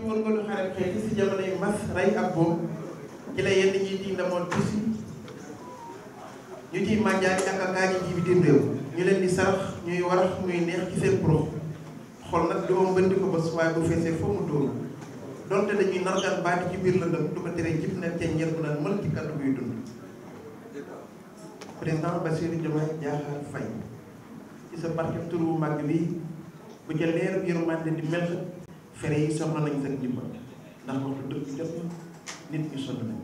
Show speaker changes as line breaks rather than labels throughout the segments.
ci wërngalu xarab xëy si jamonoy mas rey ak boom ci la yenn ñi di ndamoon tusi ñu ciy mànjaay ak ak aaji ji bi di réew ñu leen di sarax ñuy warax muy neex ci seen prox xol nag du ma mbënd ko bos waaye bu feesee foo mu dóor donte dañuy nargan baati ci biir lëndëm du ko tere jib na ca ñeer bu naan mël ci kàddu buy dund président Bassirou Diomaye Diakhar Faye ci sa barke turu màgg bi bu ca leeru yërmande di mel fere yi soxla nañ seen ndimbal ndax waxtu dëkk bi nit ñu sonn nañ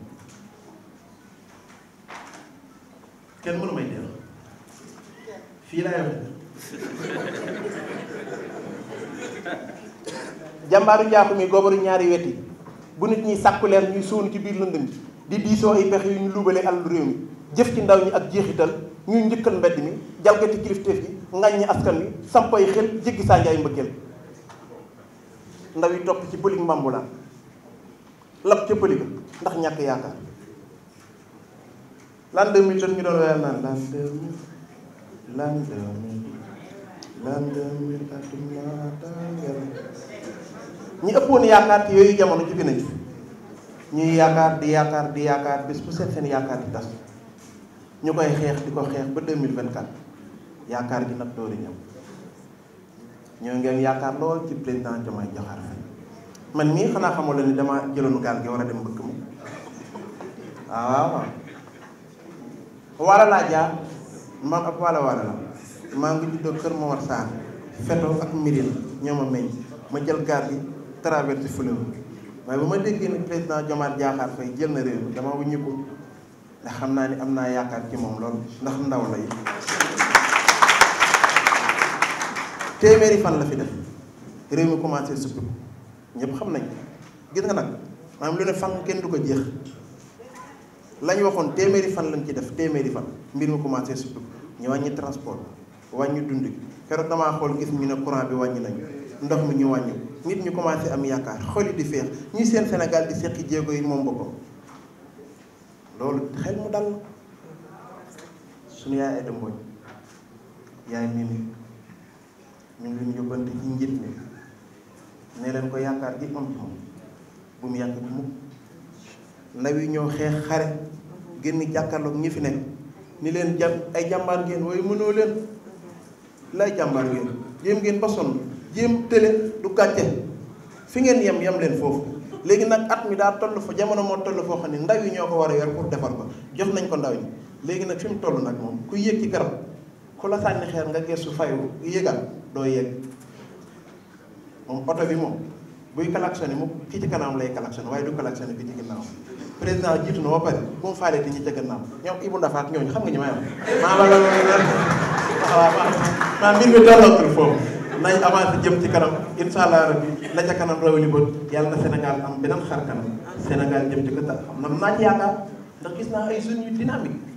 kenn mënu may delloo fii laa yor jàmbaaru njaaxum yi goobaru ñaari wet yi bu nit ñi sàkku leer ñuy sóonu ci biir lëndëm di diisoo ay pexe yu ñu luubale alalu réew mi jëf ci ndaw ñi ak jeexital ñuy njëkkal mbedd mi jalgati kilifteef yi ngañ ñi askan wi sampay xel jéggi saa njaay mbëggeel ndaw yi top ci mambu la lab ci bëliga ndax ñak yaaka l'an 2000 jot ñu doon wayal nan l'an 2000 l'an 2000 l'an 2000 adduna tàngal ñi ëppoon yaakaar ci yooyu jamono ñuy yaakaar di yaakaar di yaakaar bis bu seen yaakaar di tas ñu koy xeex di ko xeex ba 2024 yaakaar gi nag doori ñëw ñoo ngeen yaakaar lool ci président Diomaye Diakhar Faye man mii xanaa xamoo la ni dama jëloon gaal gi war a dem mbëkk mu waaw waala laa jaar man ab waala waala la maa ngi juddoo kër Momar Sarr feto ak mirin ñoo ma meññ ma jël gaal gi traversé fleuve waaye bu ma déggee ne président Diomaye Diakhar Faye jël na réew mi dama wuññi ko ndax xam naa ni am naa yaakaar ci moom lool ndax ndaw la téeméeri fan la fi def réew mi commencé suppi ko ñëpp xam nañ gis nga nag maanaam lu ne fan kenn du ko jeex lañ waxoon téeméeri fan lañ ci def téeméeri fan mbir mi commencé suppi ñu transport wanyu dund gi keroog damaa xool gis ñu ne courant bi wàññi nañu ndox mi ñu wàññi nit ñu commencé am yaakaar xol yi di feex ñi seen Sénégal di seqi jéego yi moom boppam loolu xel mu dal suñu yaay Aïda Mbodj yaay Mimi yóbbante ci njiit mi ne leen ko yaakaar gi am ci moom bu mu yàq bi mukk ndaw yi ñoo xeex xare génn jàkkaarloog ñi fi nekk ni leen jàmm ay jàmbaar ngeen waaye mënoo leen lay jàmbaar ngeen jéem ngeen ba sonn jéem tële du gàcce fi ngeen yem yem leen foofu léegi nag at mi daa toll fa jamono moo toll foo xam ne ndaw yi ñoo ko war a yor pour defar ko jox nañ ko ndaw ñi léegi nag fi mu toll nag moom ku yéeg ci garab ku la sànni xeer nga gëstu fayu yëgal doo yëg moom oto bi moom buy klaxonné mu kii ci kanam lay klaxonné waaye du klaxonné kii ci ginnaaw président jiitu na ba pare bu mu faale te ñoom Ibou Ndafaat ñooñu xam nga ñu may am. maa la loolu la waaw maa mbir mi tollootul foofu nañ avancé jëm ci kanam incha allah rabbi la ca kanam yàlla na Sénégal am beneen xar kanam Sénégal jëm ci ko tax xam na naa ci yaakaar ndax gis naa ay jeunes yu dynamique.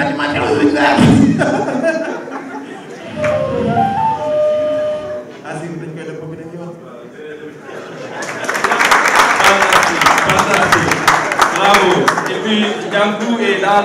mathématiques organisations. asile dañ koy def ba mu nekk yoon. fantastique fantastique bravo et puis Ndiankou est là.